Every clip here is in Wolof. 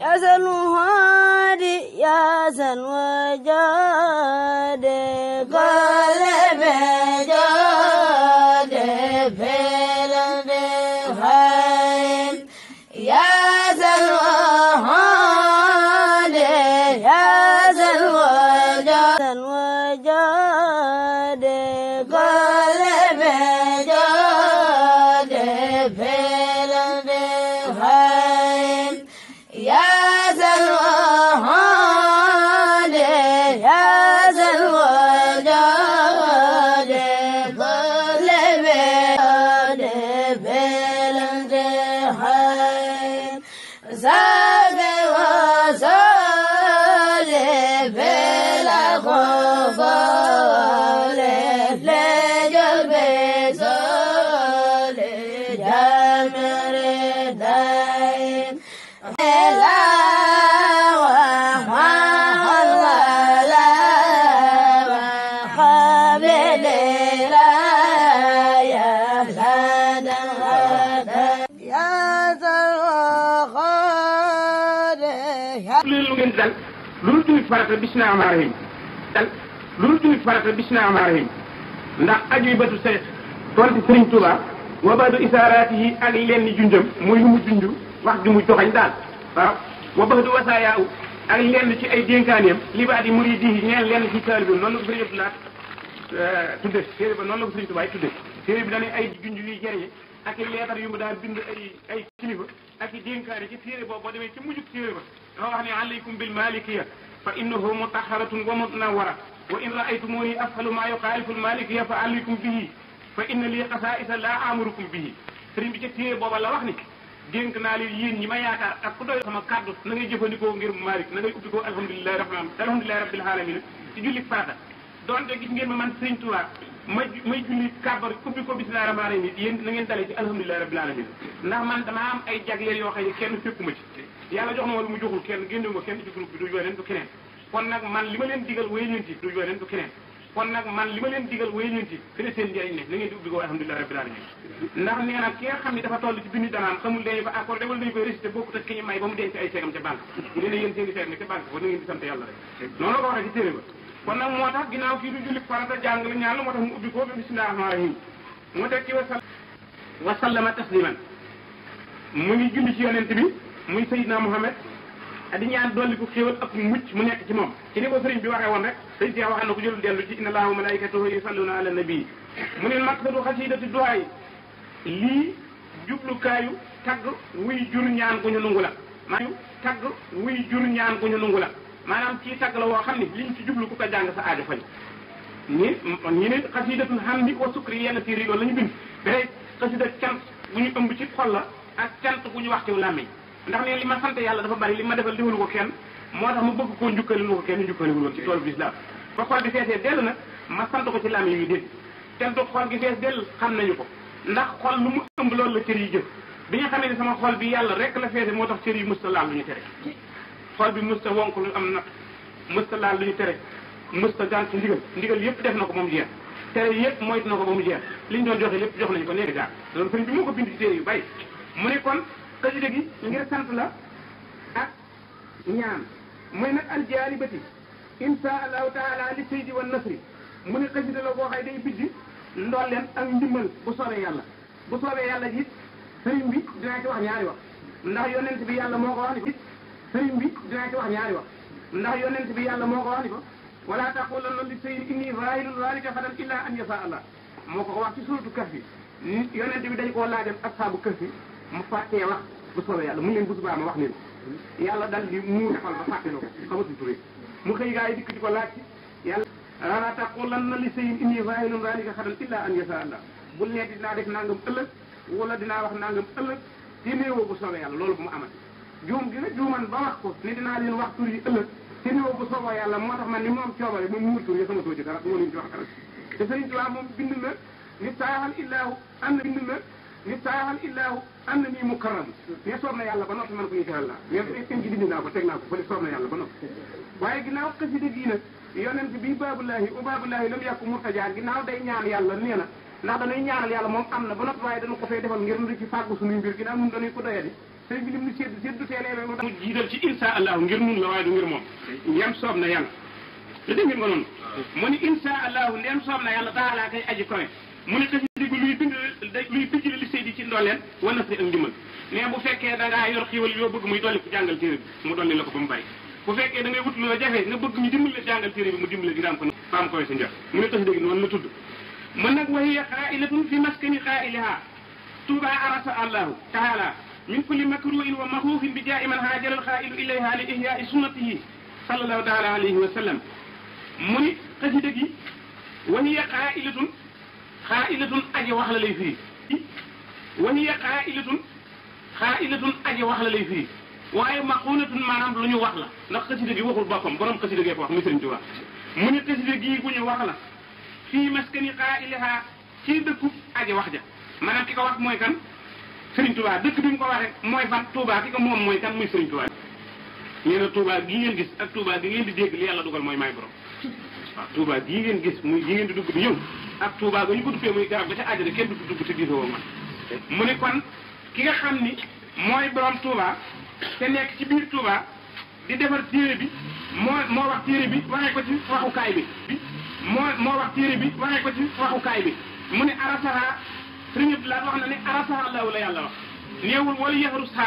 يزن هادي يزن وجاد farata bis na amaarahim dal lu dul jullit farata bis na amaarahim ndax aju batu sa tontu sëriñ tuba wa badu isaaratihi ak lenn junjam muy lu mu junj wax ju mu joxañ daal waaw wa badu wasaayaaw ak lenn ci ay dénkaaneem li baadi muridihi ñeen lenn ci taalibam noonu la ko sëriñ Abdoulaat tudde téere ba noonu la ko sëriñ tubaay tudde téere bi dañuy ay junj yuy jëriñe ak leetar yu mu daan bind ay ay kilifa ak dénkaane ci téere boobu boo demee ci mujjug téere ba dafa wax ne alaykum bil malikiya فإنه مطهرة ومتنورة وإن رأيتموني أفعل ما يخالف المالك يفعل به فإن لي خصائص لا أمركم به سيرين بي بابا بوبا لا واخني دينك نا لي يين نيما ياكار اك كودو سما كادو نغي جيفانديكو غير مالك نغي اوبتيكو الحمد لله رب العالمين الحمد لله رب العالمين تي جولي فاتا دونتا غيس غير ما may may julli kàbbar ubbi ko bismillahi rahmaani rahiim yi yéen na ngeen dalee ci alhamdulilahi rabbil alamin ndax man damaa am ay jagleel yoo xam ne kenn fékkuma ci yàlla jox na ma man li ma leen digal wéy leen ci du jooy leen ci fi di ubbi ko alhamdulilahi rabbil alamin ndax nee na ki nga xam ne dafa toll ci bindu danaam xamul dañu ko accordé wala dañu koy récité bokkut ak ki ñu may ba mu denc ay seegam ca banque mu ne yéen i na ngeen di sant yàlla rek noonu kon nag moo tax ginnaaw kii du julli farata jàng la ñaan la moo tax mu ubbi ko bi bismillahi mu teg ci wasal wasallama tasliman mu ngi julli ci yonent bi muy Seydina Muhammad di ñaan dolli ko xéewal ak mucc mu nekk ci moom ci ni ko sëriñ bi waxee woon rek sëriñ Cheikh wax na ko jëlul dellu ci inna allaha wa malaikatahu yusalluna ala nabi mu ne maqsadu xasidati duhaay lii jublukaayu tagg wuy jur ñaan gu ñu nungu la maa tagg wuy jur ñaan gu maanaam ci tagg la woo xam ne liñ ci jublu ku ko jàng sa aajo fañ ñi ñi ne xasidatul hamdi wa sukri yenn tiir yi loolu la ñu bind day xasida cant bu ñu ëmb ci xol la ak cant bu ñu wax ci làmmiñ ndax ne li ma sant yàlla dafa bari li ma defal defalu ko kenn moo tax ma bëgg koo njukkalilu ko kenn njukkaliwul woon ci tool bi islam ko xol bi feesee dell nag ma sant ko ci làmmiñ yu dégg cant xol gi fees dell xam nañu ko ndax xol lu mu ëmb loolu la cër yi jëf bi nga xamee ne sama xol bi yàlla rek la feese moo tax cër yi musta laal lu ñu tere xol bi mësta wonk lu am nag mësta laal lu ñu tere mësta gànt ndigal ndigal yëpp def na ko moom jeex tere yëpp moytu na ko ba mu jeex li ñu doon joxe lépp jox nañu ko nee gaar loolu sëriñ bi moo ko bind ci téere yu bari mu ne kon xasida gi ngir sant la ak ñaan mooy nag aljaalibati insha allahu taala li saydi wa nasri mu ne xasida la boo xay day bijj ndolleen ak ndimbal bu soobee yàlla bu soobee yàlla ji sëriñ bi dinaa ci wax ñaari wax ndax yonent bi yàlla moo ko wax ne sëriñ bi dinaa ci wax ñaari wax ndax yonent bi yàlla moo ko wax ni ko wala taqulanna li shay'in inni faa'ilun zaalika gadan illaa an yashaa Allah moo ko wax ci suratu kahfi yonent bi dañ koo laajam asxaabu kahfi mu fàttee wax bu soobee yàlla mu ngi leen bu subaa ma wax leen yàlla dal di muur xol mu xëy dikk di ko laaj ci yàlla wala taqulanna li shay'in inni faa'ilun zaalika gadan illaa an yashaa Allah bul ne dinaa def nangam ëllëg wala dinaa wax nangam ëllëg te néewoo bu soobee yàlla loolu bu mu amati جوم جوم جوم من بارك كوس لين على الوقت اللي يقلك تنيو بصوا يا الله ما رح ماني ما مشي الله يبغى موت ويا سما توجه كارك مو نجوا كارك تسرين تلا مم بنما نتاعها الله أن بنما نتاعها الله أنني مكرم يا سما يا الله بنات من كنيش الله يا سما جدي بنا بتكنا بقول سما يا الله بنات باي جناو قصدي دينا يوم تبي باب الله وباب الله لم يكن مرتجع جناو دين يا الله نينا na da ñaanal yalla moom am na ba nopp waaye dañu ko fay defal ngir ñu ci fàggu suñu sëriñ bi lim ñu sédd séddutee leen lu mu jiital ci insa allahu ngir nun la waaye du ngir moom yem soob na yàlla te dégg ngeen ko noonu mu ni insa allahu ndeem soob na yàlla taalaa kay aji kowe mu ni xasi diggu luy bind luy bijjle li seydi ci ndolleen wan na si ak ndimbal mais bu fekkee da ngaa yor xiiwal yoo bëgg muy dolli ko jàngal téere bi mu dolli la ko ba mu bari bu fekkee da ngay wut lu la jafe nga bëgg ñu dimbali la jàngal téere bi mu dimbali nga am ko faam koy sa njot mu ne tax dégg noonu la tudd mën nag wahiya xaa'ilatun fi maskani xaa'ilaha tuuba arasa allahu taala min kulli makruhin wa maxuufin bi jaa iman haajara alxaailu ilayha li ihyaai sunnatihi sallallahu taala alayhi wa sallam mu ni xasida gi wa hiya qaailatun xaailatun aji wax la lay firi wa hiya qaailatun xaailatun aji wax la lay firi waaye maquulatun maanaam lu ñu wax la ndax xasida gi waxul boppam borom xasida gee ko wax muy Sëriñ Tuubaa mu ni xasida gii gu ñu wax la fii maskani qaailaha ci dëkku aji wax ja maanaam ki ko wax mooy kan Serigne Touba dëkk bi mu ko waxee mooy fan mooy kan muy Serigne Touba. nee ngeen gis Touba gi ngeen di dégg li yàlla dugal mooy maay borom ngeen gis muy ngeen di dugg di ñëw ga ñu ko duppee muy garab ko dugg ki nga xam ni mooy borom Touba te nekk ci biir Touba di defar téere bi moo moo wax téere bi waxee ko ci waxukaay bi. moo moo wax téere bi waxee ko ci waxukaay bi mu ne arasara Serigne Abdoulaye wax na. xarasaha allahu la yàlla wax néewul wala yahrusha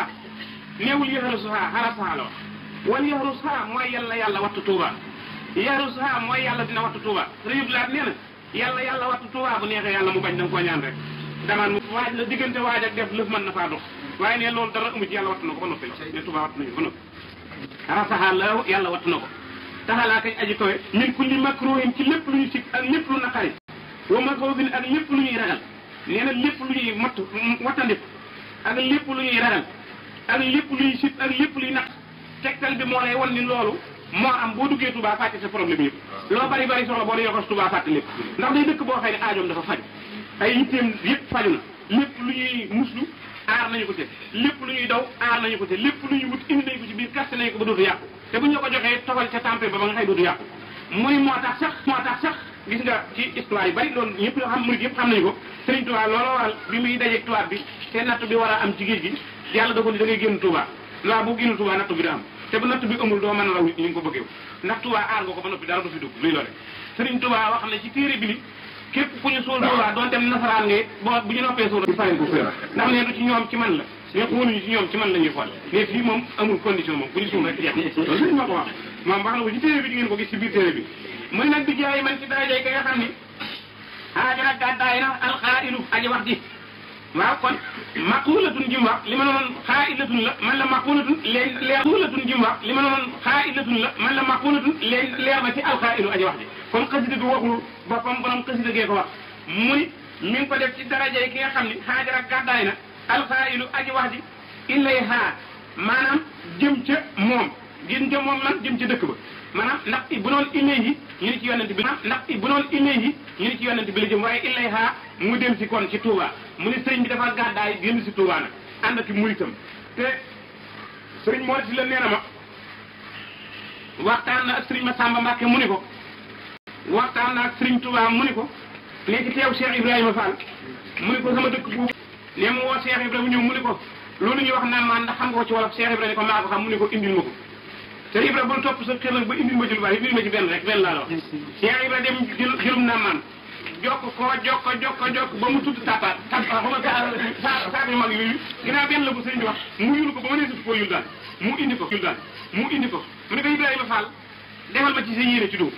néewul yahrusha xarasaha la wax wala yahrusha mooy yàlla yàlla wattu tuuba yahrusha mooy yàlla dina wattu tuuba sëriñ Abdoulaye nee na yàlla yàlla wattu tuuba bu neexee yàlla mu bañ danga ko ñaan rek damaan mu waaj la diggante waaj ak def lëf mën na faa dox waaye ne loolu dara amu ci yàlla wattu na ko ba noppi ne tuuba wattu nañu ko ba la yàlla wattu na ko taxalaa kañ aji kawe min kulli makruhin ci lépp lu ñu sikk ak lépp lu naqari wa makruhin ak nee na lépp lu ñuy matt wattandik ak lépp lu ñuy ragal ak lépp luy sit ak lépp luy natt tegtal bi moo lay wan ni loolu moo am boo duggee Touba fàtte sa problème yëpp ah. loo bari bari soxla boo dee yokkos Touba fàtte lépp ndax day dëkk boo xëy ne aajoom dafa faju ay yitteem yëpp faju na lépp lu ñuy muslu aar nañu ko te lépp lu ñuy daw aar nañu ko te lépp lu ñuy wut indi nañu ko ci biir kaste nañu ko ba dootu yàqu te bu ñu la ko joxee togal ca tempé ba ba sax gis nga ci histoire yu bari loolu ñëpp a am ci géej gi yàlla da ko ni da ngay génn Touba loi da am te doo mën a raw na ci téere bi ni képp ku ñu suul Touba doon dem ñoom ci man la mais xooluñu ci ñoom ci man la xool mais fii moom amul condition moom ku ñu suul rek jeex loolu Serigne ma ko na ko ci téere bi di ngeen ko gis ci biir téere bi muy nag bi jaay man ci darajay ka nga xam ni haajara gàddaay na alxaa'ilu aji wax ji waaw kon maqulatun jim wax li ma noon xaa'ilatun la man la maqulatun leen leer maqulatun jim wax li ma noon xaa'ilatun la man la maqulatun leen leer ba ci alxaa'ilu aji wax ji kon xasida du waxul boppam borom xasida gee ko wax mu ni mi ngi ko def ci darajay ki nga xam ni haajara gàddaay na alxaa'ilu aji wax ji ilayha maanaam jëm ca moom gin jëmoon lan jëm ci dëkk ba maanaam ndax bu noon ilayhi yi ni ci yonent bi ndax i bu noon ilayhi ñu ni ci yonent bi la jëm waaye ilayha mu dem si kon ci Touba mu ni sëriñ bi dafa gàddaay génn si Touba nag ànd ak muritam te sëriñ moo si na ma waxtaan na ak sëriñ Massamba Mbacke mu ni ko waxtaan na ak sëriñ Touba mu ni ko ne ci teew Cheikh Ibrahima Fall mu ni ko sama dëkk boobu ne mu woo a Ibrahima ñëw mu ni ko loolu ñu wax naan maa ndax xam nga ko ci wolof Cheikh Ibrahima ni ko maa mu ni ko indil ma ko te Ibra ba topp sa xel ba indi ma ci lu bari indi ma ci benn rek benn laa la wax. yaa Ibra dem jël man jokk ko jokk ko jokk ko ba mu tudd tapaat tapaat ba ma saa saa saa yu mag yooyu ginnaaw benn la bu sëñ bi mu yul ko ba ma mu indi ko yul daal mu indi ko mu ne ko Ibrahima Fall defal ma ci sa yéene ci dugub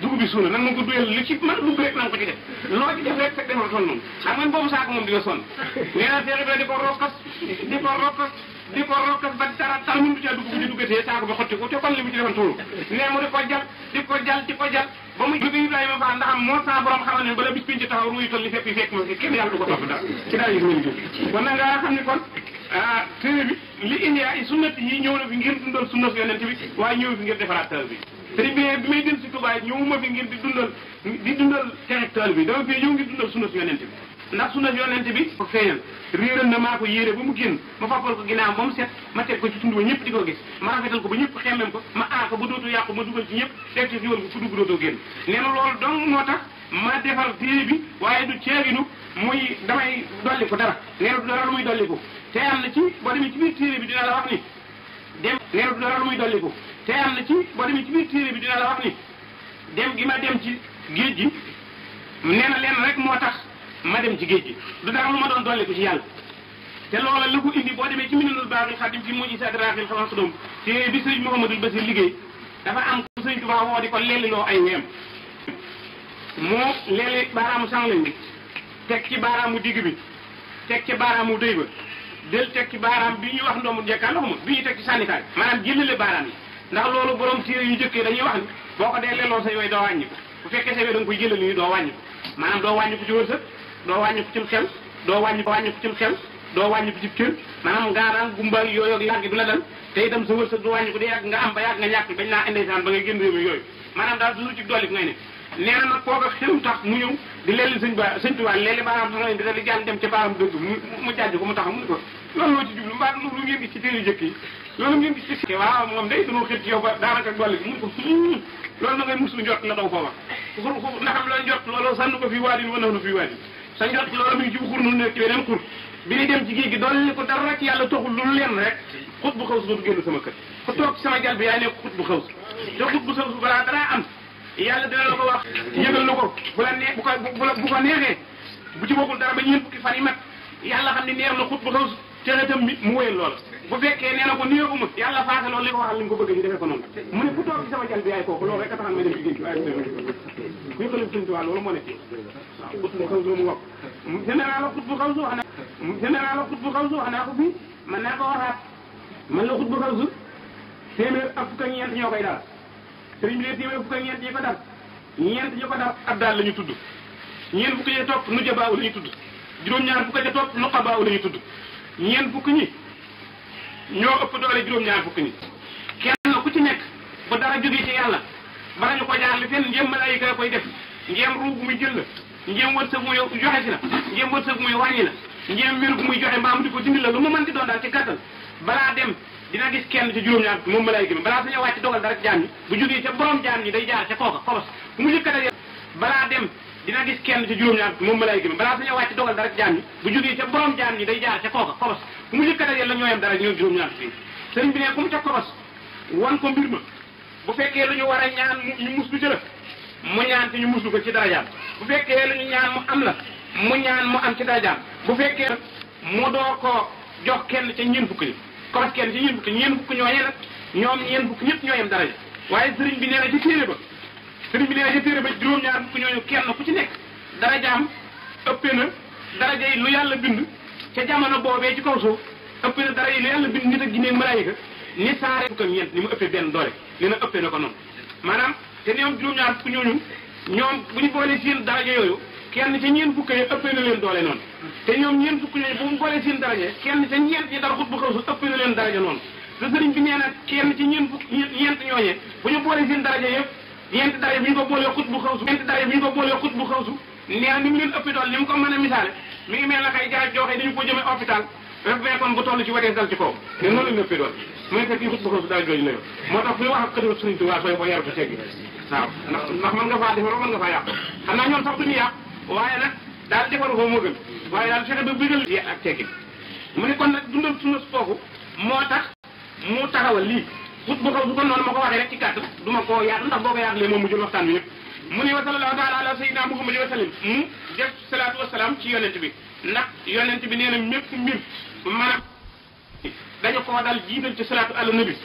dugub bi suuna nan ma ko duyal li ci man dugg rek nan ko ci def loo ci def rek fekk defal toll noonu xam nga boobu saako moom dina sonn nee naa Seex Ibra di ko di ko di ko rokkat ba a dugg bu ci duggatee saako ba xotti ko te kon li mu ci defoon tuuru nee mu di ko jal di ko jal di ko jal ba mu jóge i defaraat taal bi sëriñ bi bi ngir dundal di dundal yonent bi ndax sunna yonent bi ko feeñal réeral na maa ko yéere ba mu génn ma fàppal ko ginnaaw moom set ma teg ko ci tund bi ñëpp di ko gis ma rafetal ko ba ñëpp xemmem ko ma aar ko ba dootu yàqu ma dugal ci ñëpp teg ci yoon bu fu dugg dootoo génn nee na loolu moo tax ma defal téere bi waaye du ceeginu muy damay dolli ko dara nee na du dara lu muy dolli ko te am na ci boo demee ci biir téere bi la wax ni dem nee na du dara lu ko te am ci boo demee ci biir téere bi dina la wax dem gi ma dem ci géej gi nee na rek moo tax ma dem ci géej gi du dara lu ma doon dolli ko ci yàlla te loola la ko indi boo demee ci minanul baaxil xadim fi muji sa draaxil bi sëriñ Mouhamadou Basir liggéey dafa am ku sëriñ Tuubaa woo di ko leeliloo ay weem moo leeli baaraamu sànlañ bi teg ci baaraamu digg bi teg ci baaraamu dëy ba del teg ci baaraam bi ñuy wax ndoomul njekkaan loxuma bi ñu teg ci sanitaire maanaam jëlale baaraam yi ndax loolu borom téere yu jëkkee dañuy wax ni boo ko dee leeloo say way doo wàññi ko bu fekkee say way da koy jëlali ni doo wàññi ko doo wàññi ko cim xel doo wàññi ko wàññi ko cim xel doo wàññi ko cib cër maanaam ngaaraan gumba yooyu ak yàgg du la dal te itam sa wërsëg du wàññi ko di yàgg nga am ba yàgg nga ñàkk bañ naa indeysaan ba ngay génn réew mi yooyu maanaam na nag mu ñëw di leeli sëñ ba sëñ Tuubaa leeli baaraam sax di dali jaan loolu loo ci jublu mbaa lu ngeen gis ci téere jëkk yi loolu ngeen gis mu ne ko hmm, loolu na ngay muslu njort la daw foofa ndax loolu njort loolu sànn ko fii waa wa nax nu fii sa njort ci loolu mi ngi ci xur nu nekk dem ci gi doon ne ko dara rek yàlla toxul lu leen rek xut bu xaw si dootu sama kër ku toog ci sama jal bi yaay nekk xut bu xaw si te xut bu xaw si balaa dara am yàlla dina la ko wax yëgal na ko bu la nee bu ko bu ko neexee bu ci bokkul dara ba ñeent fukki fan yi mat yàlla ne neex na xut bu xaw si te itam mu wéyal loola bu fekkee nee na ko néeguma yàlla faase loolu li ko waxal li nga ko bëgg ñu defee ko noonu mu ne ku toog ci sama jant bi yaay kooku loolu rek a taxan may dem jigéen ci waaye ku yëkkalim man naa ko waxaat man la xutbu xaw soo téeméer ak fukk ak ñeent ñoo koy dal sëriñ bi ne téeméer fukk ak ñeent yi ko dal ñeent ñi ab daal la ñu tudd ñeent fukk yi topp nu la ñu tudd juróom-ñaar fukk yi topp nu xabaaw la ñu tudd ñeent fukk ñi ñoo ëpp doole juróom-ñaar fukki nit kenn ku ci nekk bu dara jógee ci yàlla bala ñu ko jaar li fenn ngéem malaayika koy def ngéem ruug muy jël la ngéem wërsëg muy joxe si la ngéem wërsëg muy wàññi la ngéem wérug muy joxe mbaamu di ko dindi la lu mu mën di doon daal ci gàttal balaa dem dina gis kenn ci juróom-ñaar moom malaayika bi balaa sañoo wàcc dogal dara ci jaam ñi bu jógee ca borom jaam ñi day jaar ca kooka koros bu mu yëkkatal dina gis kenn ca juróom-ñaar moom malayka mi balaa dañoo wàcc dogal dara jaam ñi bu jógee ca borom jaam ñi day jaar ca kooka kobos bu mu jëkka dajeel la ñoo yem dara ñoom juróom-ñaar fii sëriñ bi ne ku mu ca kobos wan ko mbir ma bu fekkee lu ñu war a ñaan ñu muslu ci la mu ñaan ci ñu muslu ko ci darajaam bu fekkee lu ñu ñaan mu am la mu ñaan mu am ci darajaam bu fekkee mu door ko jox kenn ca ñeen fukk yi kobos kenn ca ñeen fukk ñeen fukk ñooñee ñëpp ñoo yem daraja waaye sëriñ bi nee na sëriñ bi nee na ca téere ba juróom-ñaar fukk ñooñu kenn ku ci nekk darajaam ëppee na daraja yi lu yàlla bind ca jamono boobee ci kaw suuf ëppee na daraja yi lu yàlla bind nit ak jinne malaayika ni saare fukk ak ñeent ni mu ëppee benn doole nee na ëppee na ko noonu maanaam te ñoom juróom-ñaar fukk ñooñu ñoom bu ñu boolee seen daraja yooyu kenn ca ñeent fukk yi ëppee na leen doole noonu te ñoom ñeent fukk yooyu bu mu boolee seen daraja kenn ca ñeent ñi dara xut bu kaw suuf ëppee na leen daraja noonu te sëriñ bi nee na kenn ci ñeent fukk ñeent bu ñu boolee seen yëpp ñeenti dara yi bu ñu ko boolee xut bu xawsu ñeenti dara yi bu ñu ko boolee xut bu xawsu neex ni leen ëppi dool ni mu ko mën a misaale mi ngi mel na kay jaay jooxee dañu ko jëmee hôpital rek fekkoon bu toll ci watees dal moo tax kuy wax ak këdoo teggi waaw ndax ndax nga faa defar mën nga faa yàq xam naa ñoom sax duñu yàq waaye nag daal defar foofu moo gën waaye daal fexe ba bëggal ak teggi mu ne kon dundal sunna foofu moo tax mu taxawal lii bu bu ko bu ko noonu ma ko waxee rek ci kàddu du ma koo yaatu ndax boo ko yaatulee moom mu jël waxtaan bi ñëpp mu ne wa sallallahu taala ala sayyidina Muhammad wa sallam mu def salaatu wa bi ndax yonent bi nee na mépp ci salaatu ala nabi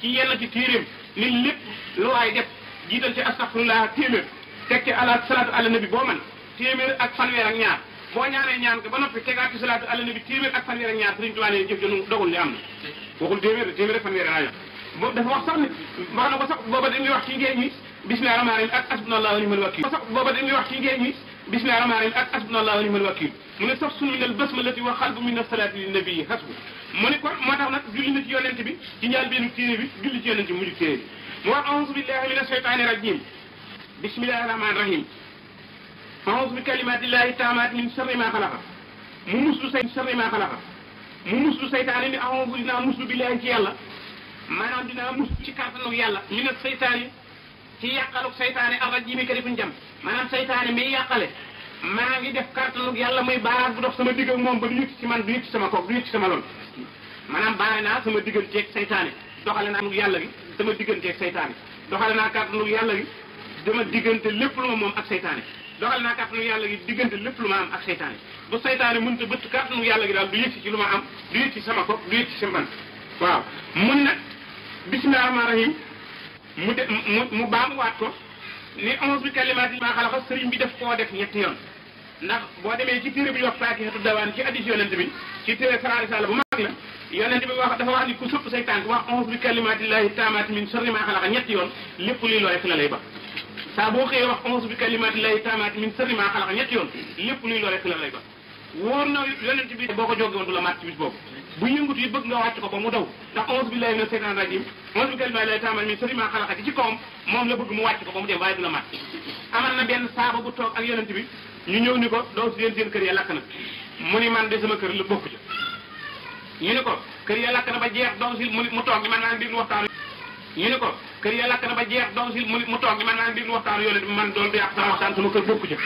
ci yenn ci téeréem ni lépp lu waay def jiital ci astaghfirullah téeméer teg ci ala salaatu ala nabi boo man téeméer ak fanweer ak ñaar boo ñaanee ñaan ko ba noppi tegaat ci salaatu ala nabi téeméer ak fanweer ak ñaar Sëriñ Tuubaa ne jëf li am na waxul téeméer dafa wax sax ne wax na ko sax booba dañuy wax ci ngéej mi bismillahi rahmaani rahim ak asbunallahu wa ni'mal wakil sax booba dañuy wax ci ngéej mi bismillahi rahmaani rahim ak asbunallahu wa ni'mal wakil mu ne sax sunu min al basmalati wa xalbu min asalaati li nabii hasbu mu ne kon moo tax nag julli na ci yonente bi ci ñaal benn téere bi julli ci yonente bi mujj téere bi mu wax auzu billahi min ashaytani rajim bismillahi rahmaani rahim auzu bi kalimatillahi taamaat min sharri ma xalaqa mu muslu say sharri ma xalaqa mu muslu saytaane ni auzu dinaa muslu billahi ci yàlla maanaam dinaa mus ci kàttanu yàlla mi ne seytaane ci yàqaluk seytaane arrajimi kadi buñu jam maanaam seytaane mi yàqale maa ngi def kàttanu yàlla muy baaraat bu dox sama digg ak moom ba du yëg ci man du yëg ci sama koog du yëg ci sama loon maanaam baare naa sama digganteeg seytaane doxale yàlla bi sama digganteeg seytaane doxale naa kàttanu yàlla bi dama diggante lépp lu ma moom ak seytaane doxale naa kàttanu yàlla gi diggante lépp lu ma am ak seytaane bu seytaane mënut a gi daal du yëg ci lu ma am du yëg sama koog du yëg ci sama man waaw mun nag bisimilah rahmaan rahim mu de mu waat ko ni onze bi kalimaat yi maa xalaqa sëriñ bi def koo def ñetti yoon ndax boo demee ci téere bi ñu wax faakihatu dawaan ci addis yonent bi ci téere sarari sall bu mag la yonent bi wax dafa wax ni ku sëpp say tànk wax onze bi kalimaatillahi taamaati min sharri maa xalaqa yoon lépp luy looy fi la lay ba saa boo xëyee wax onze bi kalimaatillahi taamaati min sharri maa xalaqa ñetti yoon lépp luy looy fi la lay ba wóor na yonent bi boo ko jóge woon du la màtt ci bis boobu bu yëngutu yi bëgg nga wàcc ko ba mu daw ndax a'uuzu billaahi mina seytaan rajim moom bi kalimaat lay taamal min sharri maa xalaqa ci ci moom la bëgg mu wàcc ko ba mu dem waaye na benn saaba bu toog ak yonent bi ñu ñëw ni ko doo si yéen kër ya lakk na ni man de sama kër la bokk ci ñu ni ko kër ya lakk na jeex doo si mu toog ni man naa déglu waxtaanu ñu ni ko kër ya lakk na ba jeex doo si mu toog ni man naa déglu waxtaanu yonent bi man dool du yàq sama waxtaan sama kër bokk ci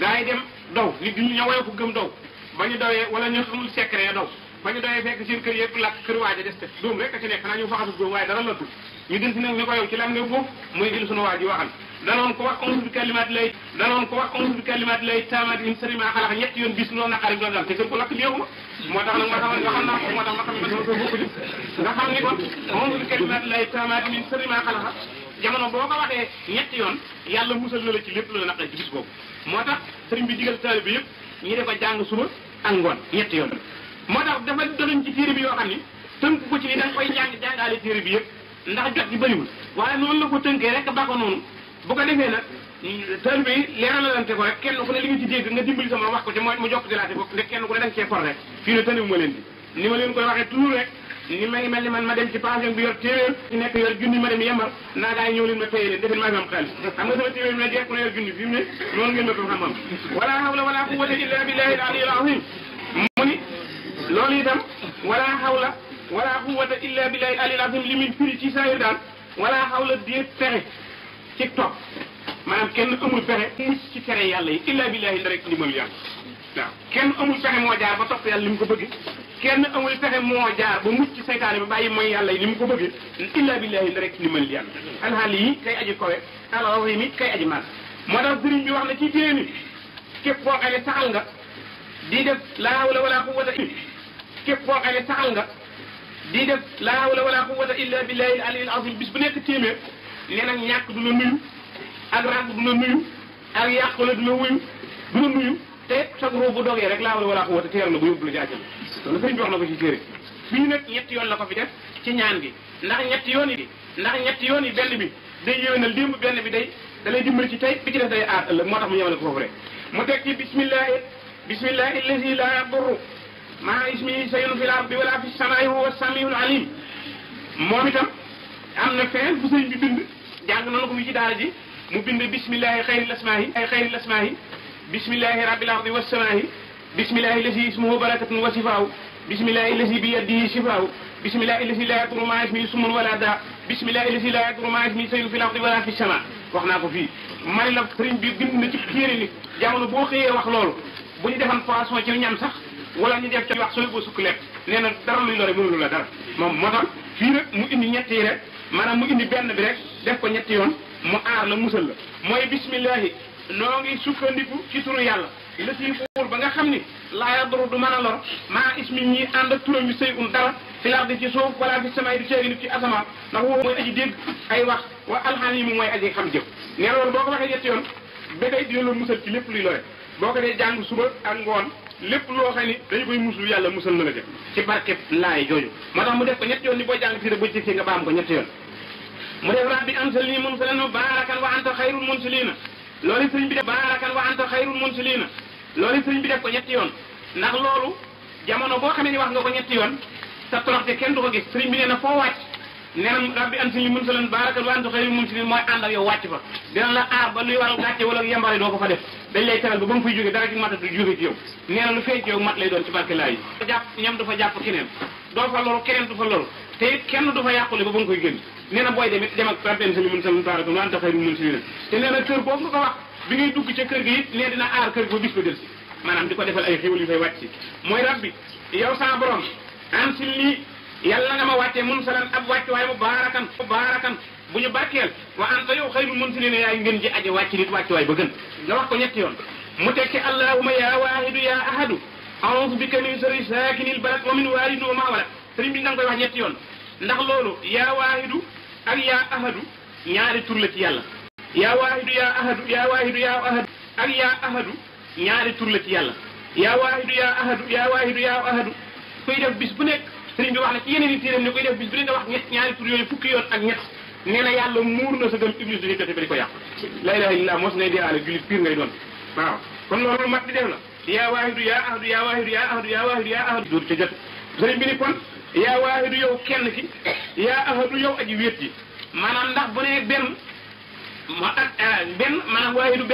gaa yi dem daw nit ñu ña woyofu gëm daw ba ñu dawee wala ñu xamul secret daw ba ñu doyee fekk seen kër yëpp lakk kër waaja des te doom rek a ci nekk xanaa ñu faxasu doom waaye dara lëkkul ñu gën si nag ñu ko yow ci lam nga boof muy jël sunu waaji waxal danoon ko wax onze bi kalimaat lay danoon ko wax onze bi kalimaat lay taamaat yi sërima xalax ñett yoon bis noonu naqari doon dal te kër ko lakk léewu ma moo tax nag ma xam nga xam naa ko moo tax ma xam ne sama bokk di nga xam ni kon onze bi kalimaat lay taamaat yi sërima xalax jamono boo ko waxee ñetti yoon yàlla musal na la ci lépp la naqari ci bis boobu moo tax sëriñ bi digal taalibe yëpp ñu def ko jàng suba ak ngoon ñetti yoon moo tax dafa doon ci téere bi yoo xam ni tënk ko ci ni da koy jàng jàngaale téere bi yëpp ndax jot ci bëriwul waaye noonu la ko tënkee rek ba ko noonu bu ko defee nag taalibe yi leeralalante ko rek kenn ko ci mooy mu jokk ci laate ko ndax kenn ku ne da nga cee ma dem ci pension bi yor téeméer ci nekk yor junni ma dem yembar naa gaa ñëw leen ma paye leen defeen maa fi am xaalis xam nga sama téeméer mi ne jeex junni fi mu ne noonu ngeen ma ko xam-xam wala hawla wala quwwata illa billahi al aliyyil azim لولي دم ولا حول ولا قوة إلا بالله ألي لازم لمن فري تي ساير دان ولا حول دي فري تيك توك ما نام كن أمو فري إيش تي فري يالي إلا بالله إلا ركني مليا كن أمو فري مو جار بطف يال لم كو بغي كن أمو فري مو جار بمو تي سيطان بباي مو يالي لم كو بغي إلا بالله إلا ركني مليا الهالي كي أجي كوي ألا ويمي كي أجي مات مدام سيرين جوار لكي تيني كيف فوق على سعلنا دي لا حول ولا قوة إلا بالله képp koo xam ne saxal nga di def la hawla wala quwwata illa billahi aliyil azim bis bu nekk téeméer nee nag ñàkk du la nuyu ak ràgg du la nuyu ak yàqu du la wuyu du la nuyu te sag roobu dogee rek la hawla wala quwwata teer la bu yóbbu la ci àjjana loolu sëriñ bi na ko ci téere fii ñetti yoon la ko ci ñaan gi ndax ñetti yoon yi ndax ñetti yoon yi benn bi day yéwénal démb benn bi day da lay ci tey bi ci def day aar ëllëg moo tax mu ñëwale ko foofu rek mu teg ci bismillahi bismillahi allazi la yadurru ما اسمه شيء في الارض ولا في السماء هو السميع العليم مومتام امنا فين في سيرن بي بند جان نانو كو دارا جي مو بند بسم الله خير الاسماء اي خير الاسماء بسم الله رب الارض والسماء بسم الله الذي اسمه بركه وصفاء بسم الله الذي بيده شفاء بسم الله الذي لا يضر مع اسمه سم ولا داء بسم الله الذي لا يضر مع اسمه شيء في الارض ولا في السماء واخنا كو في ماي لا سيرن بي بند ني سي كيري ني جامونو بو خيي واخ لول بو wala ñu def ca wax sooy boo sukk lekk nee na dara luy lore lu la dara moom moo tax fii rek mu indi ñetti yi rek maanaam mu indi benn bi rek def ko ñetti yoon mu aar la musal la mooy bismillahi noo ngi sukkandiku ci turu yàlla la si buur ba nga xam ni laa yadru du mën a lor maa ismi ñi ànd ak turam yu sëy um dara fi laar di ci suuf wala fi samay di ceegi nit ci asamaan ndax woo aji dégg ay wax wa alxaani mu mooy aji xam jëf nee loolu boo ko waxee ñetti yoon ba tey dina la musal lépp luy lore boo ko dee jàng suba ak ngoon lépp loo xam ni dañu koy muslu yàlla musal na la jël ci barkeb laay jooju moo tax mu def ko ñetti yoon ni booy jàng si da boo ci nga baam ko ñetti yoon mu def rabbi ansalini munsalan wa baarakan wa anta xayrul munsilina loolu sëriñ bi def baarakan wa anta xayrul munsilina loolu sëriñ bi def ko ñetti yoon ndax loolu jamono boo xamee ni wax nga ko ñetti yoon sa toroxte kenn du ko gis sëriñ bi nee na foo wàcc nee na rabbi an suñu mun sa leen baarakal wa anta xayru lu feeñ ci yow mat lay doon ci barke laa yi jàpp ñoom dafa jàpp keneen doo fa loru keneen du fa loru te it kenn du fa yàqule ba ba nga koy génn nee na booy demit dem ak rabbi an suñu mun sa leen baarakal wa anta xayru munsilin te nee kër boobu nga ko wax bi ngay dugg ca kër gi it nee dina aar kër gi ba bis ba del si di ko defal ay xéwal yu fay wàcc si mooy rabbi yow sa borom an yàlla nga ma wàccee munsalan ab wàcc waaye mu baarakan mu baarakan bu ñu barkeel wa anta yow xayru munsilina yaay ngeen ji aje wàcc nit wàcc waay ba gën nga wax ko ñetti yoon mu tekki allahuma ya waahidu ya ahadu a'udhu bika min sharri saakinil balad wa min waalidin wa ma walad sëriñ bi danga koy wax ñetti yoon ndax loolu ya waahidu ak ya ahadu ñaari tur la yàlla ya waahidu ya ahadu ya waahidu ya ahadu ak ya ahadu ñaari la ci ya waahidu ya ahadu def bis sëriñ bi wax na ci yeneen i téeram ne koy def bis bi ne wax ñett ñaari tur yooyu fukki yoon ak ñett nee na muur na sa gëm iblis di ko di la ilaha illallah mos ngay deewaale jullit piir ngay doon waaw kon loolu mat di def na yaa waahidu yaa ahadu yaa waahidu yaa ahadu yaa waahidu yaa kenn ki yaa ahadu yow aji wéet ji maanaam ndax bu nee benn ma ak ah, ah, benn maanaam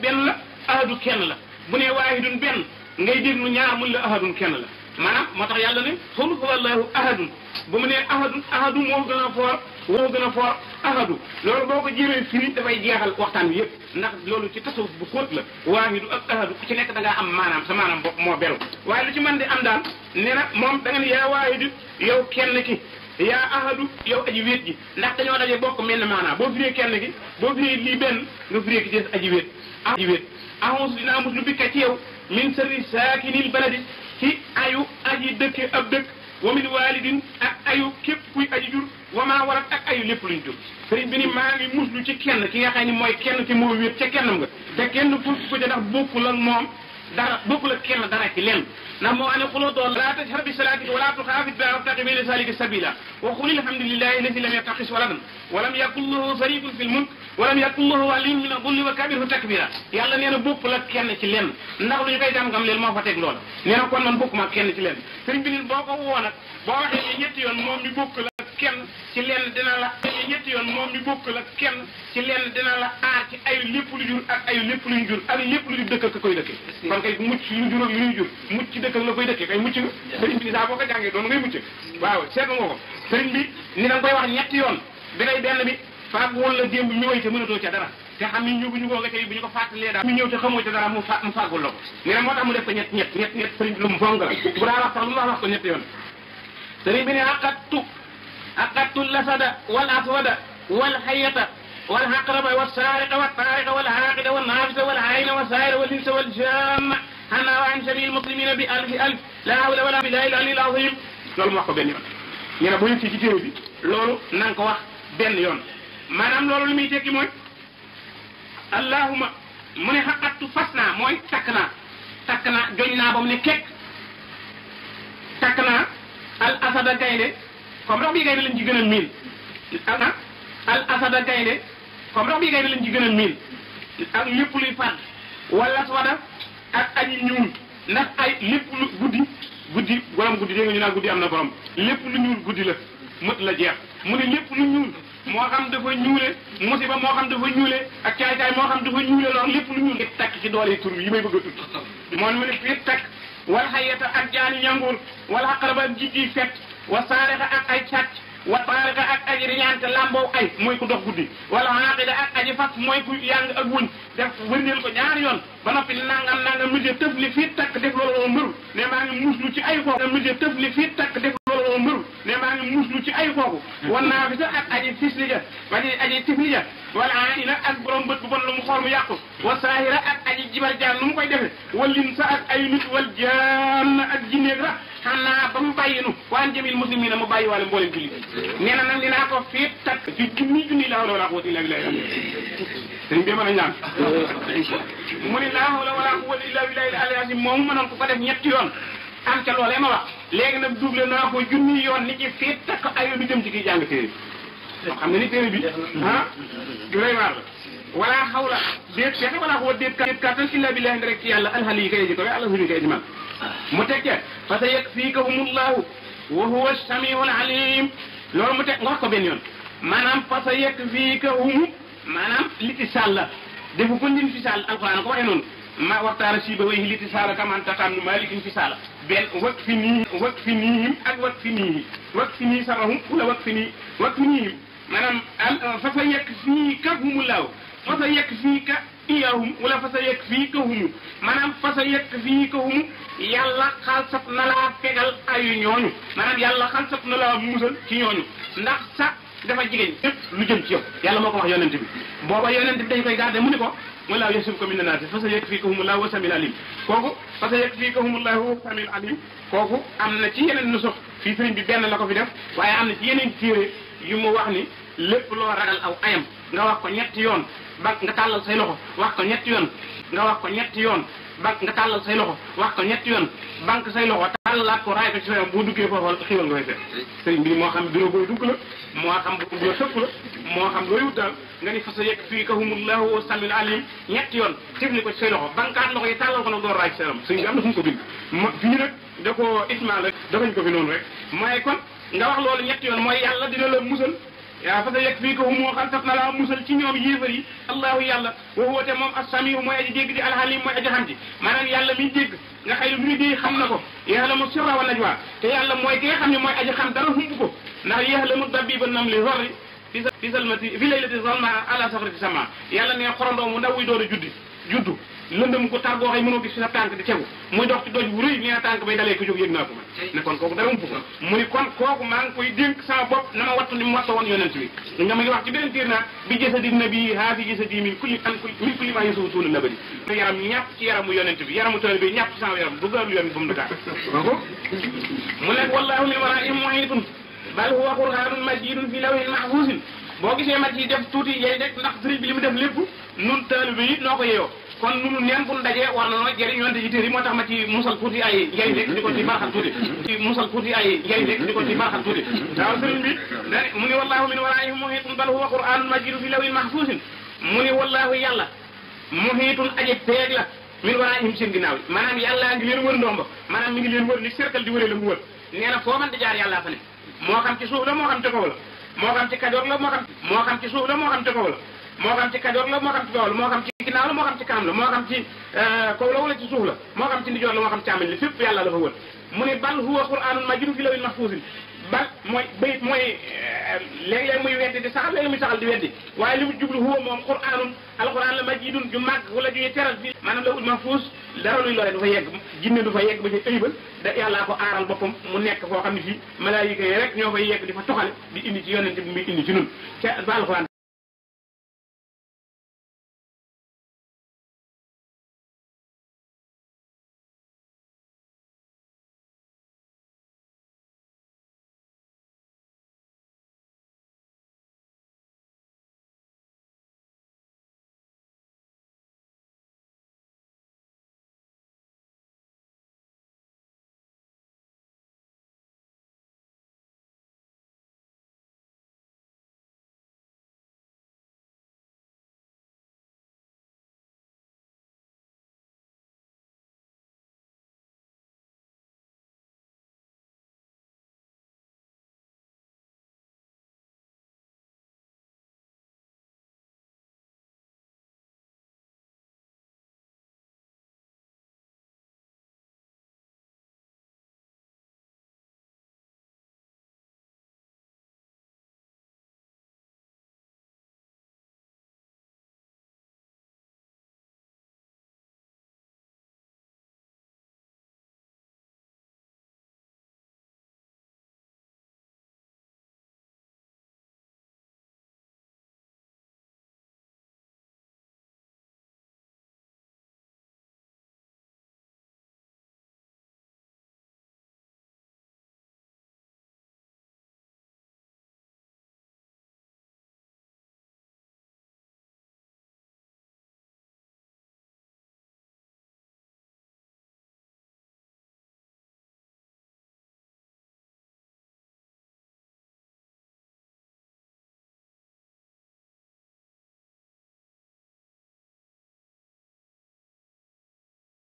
benn la ahadu kenn la bu nee waahidun benn ngay déglu ñaar mun la ahadun kenn la maanaam moo tax yàlla ne xul huwallahu ahadun ba mu nee ahadun ahadu moo gën a foor moo gën a foor ahadu loolu boo ko jéemee firi dafay jeexal waxtaan wi yëpp ndax loolu ci tasawuf bu xóot la waahidu ak ahadu ku ci nekk da am maanaam sa maanaam bopp moo beru waaye lu ci man di am daal nee na moom da nga ne yaa waahidu yow kenn ki yaa ahadu yow aji wéet ji ndax dañoo daje bokk mel ne maanaam boo firee kenn ki boo firee lii benn nga firee ki des aji wéet aji wéet ahonsu dinaa mus lu bikka ci yow min sari saakinil baladi ci ayu aji dëkke ab dëkk wa min walidin ak ayu képp kuy aji jur wa maa warat ak ayu lépp luñ jur sëriñ bi ni maa ngi muslu ci kenn ki nga xam ni mooy kenn ki moo wéet ca kennam nga te kenn fukki ko ca ndax bokkul ak moom dara bokkul ak kenn dara ci lenn ndax moo ane xuloo doon la tajhar bi salaatika wala tuxaafit bi wabtaqi bi lisaanika sabila wa qul alhamdulilahi alladi lam yataqis waladan walam yakun lahu sharikun fi lmulk walam yakun lahu waliyun min adulli wa kabirhu takbira yàlla nee na bokkul ak kenn ci lenn ndax lu ñu koy jàngam leen moo fa teg loola nee na kon man bokkuma ak kenn ci lenn sëriñ bi nit boo ko woo nag boo waxee ñetti yoon moom mi bokk la kenn ci lenn dina la aar ñetti yoon moom mi bokk la kenn ci lenn dina la aar ci ayu lépp lu jur ak ayu lépp luy jur ak lépp lu jur dëkk ak koy dëkkee. kon kay mucc lu jur yu lu ñuy jur mucc ci dëkk la koy dëkkee kay mucc nga. sëriñ bi saa boo ko jàngee doon mucc waaw seetlu ko sëriñ bi ni wax yoon bi ngay benn bi faag wala démb mi way te ca dara. te xam ni ñu ñu ko mu fa mu fàggul la ko ñu ne moo tax mu def ko ñett ñett ñett ñett sëriñ bi lu mu la bu daa wax sax mu wax wax ko ñett yoon sëriñ bi ne àqattu أقدت اللسد والأسود والحيطة والحقرب والسارق والطارق والعاقد والنافس والعين والسائر والإنس والجامع حنا وعن سبيل المسلمين بألف ألف لا حول ولا قوة إلا بالله العظيم لولو نكو بن يون نينا بو يوسي سي تيوبي لولو نانكو واخ بن يون مانام لولو لمي تيكي موي اللهم من حقت فسنا موي تكنا تكنا جوجنا بام كيك تكنا الاسد كايدي comme rax bi gaynde lañ ci gën a miin ah al asada gaynde comme rax bi gaynde lañ ci gën a miin ak lépp luy fàdd wala wada ak añi ñuul ndax ay lépp lu guddi guddi borom guddi dégg nga ñu naan guddi am na borom lépp lu ñuul guddi la mët la jeex mu ne lépp lu ñuul moo xam dafa ñuule musiba moo xam dafa ñuule ak caay caay moo xam dafa ñuule lool lépp lu ñuul takk ci doole tur yi may bëgg a tudd moon mu ne fiir takk wal xayata ak jaani ñanguur wala xaqaraba jiggi fett wa saarixa ak ay càcc wa taarixa ak aji riñaante lamboow ay mooy ku dox guddi wala xaaqida ak aji fas mooy ku yàng ak wuñ def wëndeel ko ñaari yoon ba noppi nangam nangam mujje tëf li fii takk def loolu mbëru ne maa ngi muuslu ci ay ko mujje tëf li fii takk def aw mburu ne maa ngi muslu ci ay kooku wan naa fi sax ak aji fisli ja aji aji tifli ja wala ila ak borom bët bu bon lu mu xool mu yàqu wa saahira ak aji jibar jaan lu mu koy defe walin sa ak ay nit wal jaan ak jinneeg ra xam naa ba mu bàyyi nu waan jamil muslimina mu bàyyi wàlla mboolem julli nee na nag dinaa ko fiit tak ci junni junni laa hawla wala quwwata illa billahi dañ bi mën a ñaan mu ne laa hawla wala quwwata illa billahi al-aliyyil azim moomu mënoon ko ko def ñetti yoon am ca loolee ma wax léegi nag double naa ko junni yoon ni ci fiit takk ayo du jëm ci kii jàng téere bi xam nga ni téere bi ah doy waar la wala xawla déet fexe wala xawa déet déet kàttan illa billahi rek ko we àla sumi man mu teg ca fa sa yakfikahumullahu wa huwa samiul alim loolu mu teg nga wax ko benn yoon maanaam fa sa yakfikahum maanaam li ci sàlla defu ko ndin fi sàll ko waxee ما على شيء هو يهلي تسالة كما أنت تعلم مالك تسالة بل وقت فيني ميهم وقت في ميهم أك وقت في ميهم وقت فيني ميهم سرهم كل وقت في ميهم وقت في ميهم مرام فسيكفيك هم الله فسيكفيك إياهم ولا فسيكفيك هم مرام فسيكفيك هم يلا خلصت نلا فقال أي نيون مرام يلا خلصت نلا موسى كيون نقصة دفع جيجين لجم تيو يلا مكوح يونان تبي بابا يونان تبي دفع جيجين مني wala yasumka mina naasi fa sa yakfiikahum Allahu wa samiil alim kooku fa sa yakfiikahum wa samiil alim kooku am na ci yeneen nusux fii sëriñ bi benn la ko fi def waaye am na ci yeneen téere yu mu wax ni lépp loo ragal aw ayam nga wax ko ñetti yoon ba nga tàllal say loxo wax ko ñetti yoon nga wax ko ñetti yoon ba nga tàllal say loxo wax ko ñetti yoon banque say loxo tàllaat ko raay ko ci sa boo duggee foofa xiwal nga koy fekk sëriñ moo xam biro booy dugg la moo xam bu boo sëpp la moo xam looy wut nga ni fa sa yegg fii kahumullahu wa samil alim ñett yoon teg ni ko ci say loxo bankaat loxo yi tàllal ko nag raay ci sa yoon sëriñ bi am na fu ko bind fii nag da ko isma la dafañ ko fi noonu rek mooy kon nga wax loolu ñett yoon mooy yàlla dina la musal yaa fa sa yegg fii ko humoo xam saf na laa musal ci ñoom yéefar yi allahu yàlla wa huwa te moom assamiu mooy aji dégg di alhalim mooy aji xam ji maanaam yàlla mi dégg nga xëy lu muy xam na ko yahlamu sirra wa najwa te yàlla mooy ki nga xam ne mooy aji xam dara humb ko ndax yahlamu dabiba nam li horri fi fi salmati fi laylati zalma ala safrati sama yàlla ne xorondoo mu ndaw wuy door a juddi juddu lëndëm gu tar goo xëy mënoo gis fi sa tànk di tegu muy dox ci doj wu rëy na tànk bay dalee ko jóg yëg naa ko man ne kon kooku dara mu fuga mu ni kon kooku maa ngi koy dénk sama bopp na ma wattu li mu wattu woon yonent bi nga ma wax ci beneen tiir naa bi jasadi nabi haa bi jasadi min kulli an min kulli ma yesu suuna nabadi yaram ñàpp ci yaramu yonent bi yaramu tëral bi ñàpp ci sama yaram du gaarlu yoon bu mu ah nekk wallahu min ma ci def tuuti yey rek ndax kon nunu neen bu nu dajee war na noo jëriñoonte ci téere moo tax ma ci musal tuuti ay njëriñ rek di ko ci barxal tuuti ci musal tuuti ay njëriñ rek di ko ci barxal tuuti waaw sëriñ bi dane mu ni wallahu min waraihim muhitun bal huwa qur'anun majidun fi lawhin mahfusin mu ni wallahu yàlla muhitun aje peeg la min waraihim seen ginnaaw yi maanaam yàllaa ngi leen wër ndomba maanaam mi ngi leen wër li cercle di wëree la mu wër nee na foo man di jaar yàllaa fa ne moo moo xam ci kaw la moo xam ci kajoor moo xam la moo xam ci kajoor la moo xam ci bawol moo xam ci ginnaaw la moo xam ci kanam la moo xam ci euh, kaw la moo xam ci ndijoor la moo yàlla la fa wër mu mooy bayit mooy euh, léeg-léeg muy weddi di saxal léeg muy saxal di weddi waaye li mu jublu huwa moom quraanun alquran la majidun ju màgg ba ca ëybal da mu nekk foo xam ne fii malaayika yi rek ñoo fay yegg di fa toxale di indi ci yonente bi indi ci nun ca ba alquran